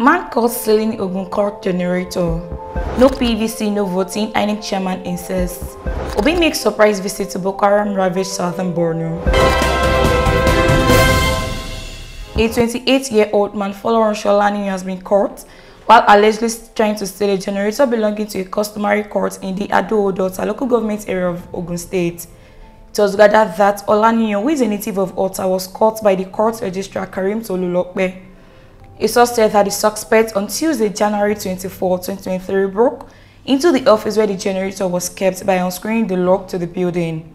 Man caught selling Ogun Court generator. No PVC, no voting, any chairman insists. Obi makes surprise visit to Bokaram, ravaged southern Borno. A 28-year-old man following Sholani has been caught while allegedly trying to steal a generator belonging to a customary court in the ado a local government area of Ogun State. It was gathered that Olaniyan, who is a native of Ota, was caught by the court registrar Karim Tolulokpe. A source said that the suspect on Tuesday, January 24, 2023 broke into the office where the generator was kept by unscrewing the lock to the building.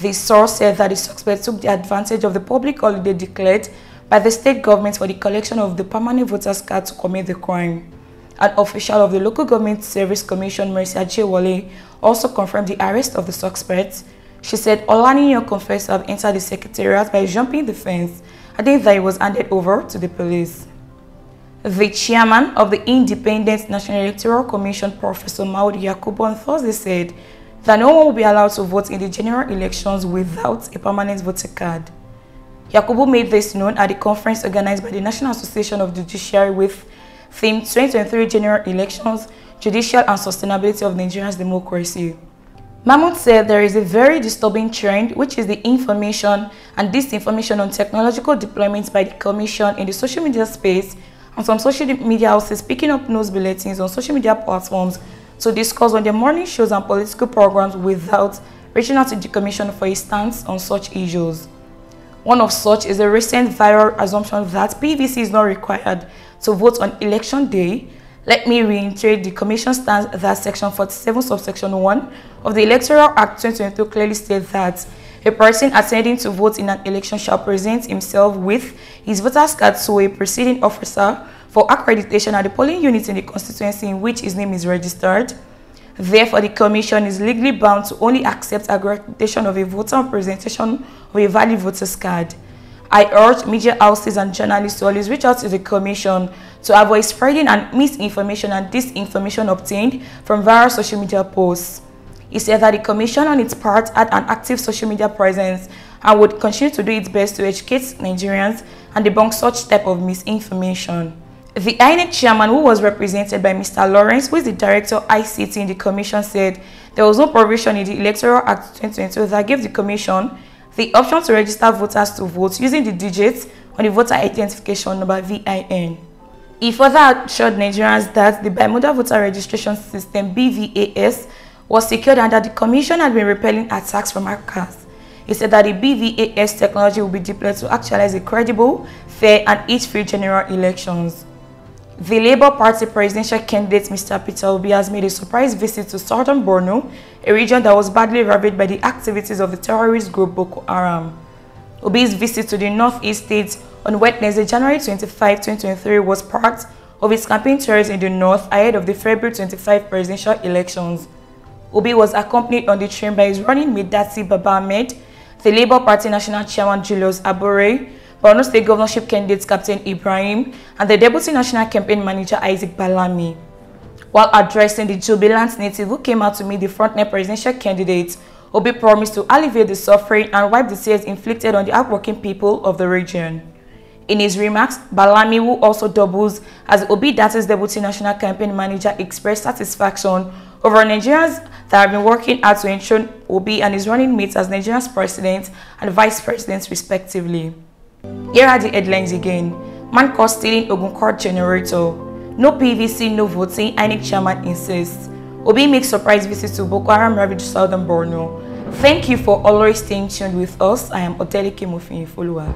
The source said that the suspect took the advantage of the public holiday declared by the state government for the collection of the permanent voters card to commit the crime. An official of the Local Government Service Commission, Mercy Ajewale, also confirmed the arrest of the suspect. She said Olaniyo confessed to have entered the secretariat by jumping the fence a day that he was handed over to the police. The chairman of the Independent National Electoral Commission, Professor Maud Yakubu, on Thursday said that no one will be allowed to vote in the general elections without a permanent voter card. Yakubu made this known at a conference organized by the National Association of Judiciary with theme 2023 General Elections, Judicial and Sustainability of Nigeria's Democracy. Mahmoud said there is a very disturbing trend, which is the information and disinformation on technological deployments by the Commission in the social media space and some social media houses picking up news bulletins on social media platforms to discuss on their morning shows and political programs without reaching out to the Commission for a stance on such issues. One of such is a recent viral assumption that PVC is not required to vote on election day let me reiterate the Commission stands that Section 47, subsection 1 of the Electoral Act 2022 clearly states that a person attending to vote in an election shall present himself with his voter's card to a preceding officer for accreditation at the polling unit in the constituency in which his name is registered. Therefore, the Commission is legally bound to only accept accreditation of a voter on presentation of a valid voter's card. I urge media houses and journalists to always reach out to the Commission to avoid spreading and misinformation and disinformation obtained from various social media posts. He said that the Commission on its part had an active social media presence and would continue to do its best to educate Nigerians and debunk such type of misinformation. The INEC chairman, who was represented by Mr. Lawrence, who is the director of ICT in the commission, said there was no provision in the Electoral Act 2022 that gave the commission the option to register voters to vote using the digits on the voter identification number VIN. He further assured Nigerians that the Bermuda Voter Registration System BVAS was secured and that the Commission had been repelling attacks from hackers. He said that the BVAS technology will be deployed to actualize a credible, fair and each free general elections. The Labour Party presidential candidate Mr. Peter Obi has made a surprise visit to southern Borno, a region that was badly ravaged by the activities of the terrorist group Boko Haram. Obi's visit to the northeast states on Wednesday, January 25, 2023 was part of his campaign tours in the north ahead of the February 25 presidential elections. Obi was accompanied on the train by his running mate Dati Baba Ahmed, the Labour Party National Chairman Julius Abore, Borno State Governorship candidate Captain Ibrahim, and the Deputy National Campaign Manager Isaac Balami. While addressing the jubilant native who came out to meet the frontline presidential candidate, Obi promised to alleviate the suffering and wipe the tears inflicted on the hardworking people of the region. In his remarks, Balami, who also doubles as Obi Data's deputy national campaign manager, expressed satisfaction over Nigerians that have been working hard to ensure Obi and his running mates as Nigeria's president and vice president respectively. Here are the headlines again. Man caught stealing Ogun court generator. No PVC, no voting, INEC chairman insists. Obi makes surprise visits to Boko Haram ravaged southern Borno. Thank you for always staying tuned with us. I am Otelike Mofin Folua.